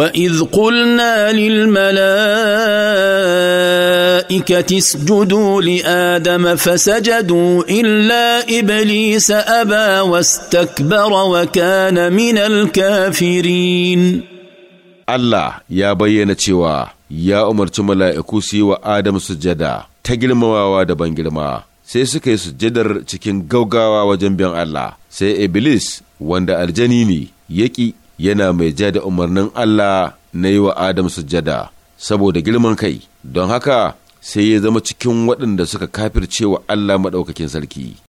واذ قلنا للملائكه اسجدوا لادم فسجدوا الا ابليس ابى واستكبر وكان من الكافرين Allah ya bayyana cewa ya umarci mala'iku su wa Adam sujada ta girmamawa da ban girma sai suka yi sujadar cikin gaugawa wajen bin Allah sai Iblis wanda aljani ne yaki yana mai ja da umarnin Allah na yi wa Adam sujada saboda girman kai don haka sai ya zama cikin waɗanda suka kafircewa Allah maɗaukakin sarki